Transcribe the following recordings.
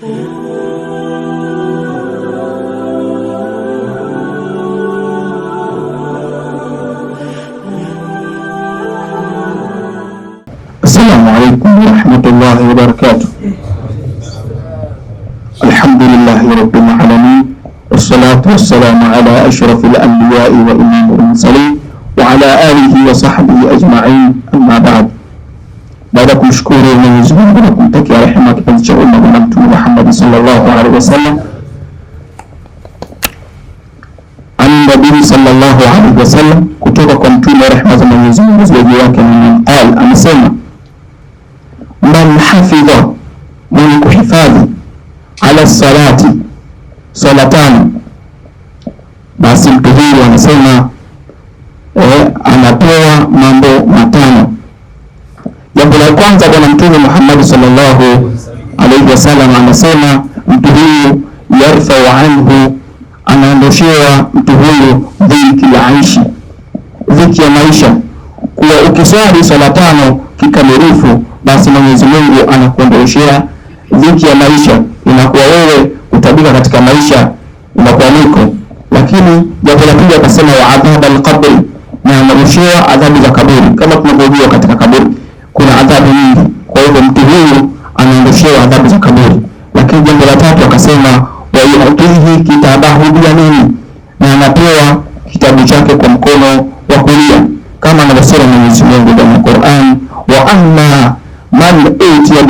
السلام عليكم ورحمة الله وبركاته الحمد لله رب العالمين والصلاة والسلام على أشرف الأنبياء وإمام المرسلين وعلى آله وصحبه أجمعين أما بعد بعدكم ya kumshukuru Mwenyezi Mungu na kumtakia rehema sallallahu alaihi wasallam nabii sallallahu alaihi wasallam, kutoka kwa mtume rehma za Mwenyezi Mungu ziwe yake, qal, amesema man hafidha, mwenye kuhifadhi ala salati salatani, basi mtu huyu anasema eh, anapewa mambo matano. Jambo la kwanza, bwana Mtume Muhammad sallallahu alaihi wasallam anasema, mtu huyu yarfau anhu, anaondoshewa mtu huyu dhiki ya aishi, dhiki ya maisha. Kuwa ukiswali swala tano kikamilifu, basi Mwenyezi Mungu anakuondoshea dhiki ya maisha, inakuwa wewe kutabika katika maisha inakuwa niko. Lakini jambo la pili akasema, wa adhab alqabri, na anaondoshewa adhabu za kaburi, kama tunavyojua katika kaburi kidole chake kwa mkono wa kulia, kama anavyosema Mwenyezi Mungu ndani ya Qur'an, wa amma man utiya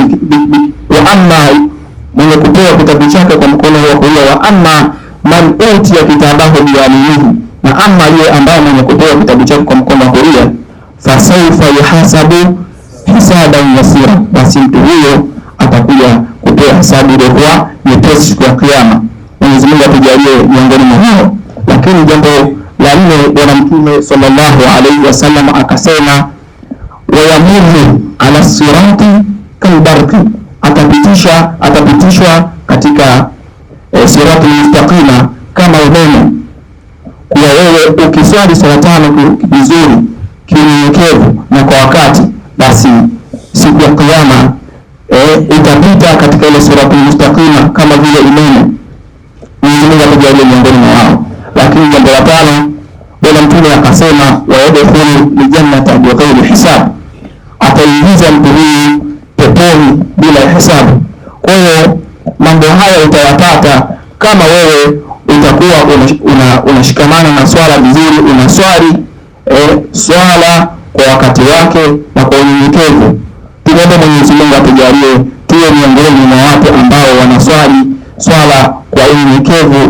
wa amma, mwenye kupewa kitabu chake kwa mkono wa kulia, wa amma man utiya kitabahu biyaminihi, na amma yeye ambaye mwenye kupewa kitabu chake kwa mkono wa kulia, fa fasawfa yuhasabu hisaban yasira, basi mtu huyo atakuja kupewa hesabu iliyokuwa nyepesi siku ya Kiyama. Mwenyezi Mungu atujalie miongoni mwa hao, lakini jambo la nne, Bwana Mtume sallallahu alaihi wasallam akasema, wayamuhu ala sirati kalbarki, atapitisha atapitishwa katika e, sirati mustaqima kama umeme. Kuwa wewe ukiswali sala tano vizuri, kinyenyekevu na kwa wakati, basi siku ya Kiyama e, eh, utapita katika ile sirati mustaqima kama vile umeme. anasema wayadkhulu ljannata bighairi hisab, ataingiza mtu huyu peponi bila hisabu. Kwa hiyo mambo haya utayapata kama wewe utakuwa unashikamana una, una na swala vizuri, unaswali eh, swala kwa wakati wake na kwa unyenyekevu. Tunaomba Mwenyezi Mungu atujalie tuwe miongoni mwa watu ambao wanaswali swala kwa unyenyekevu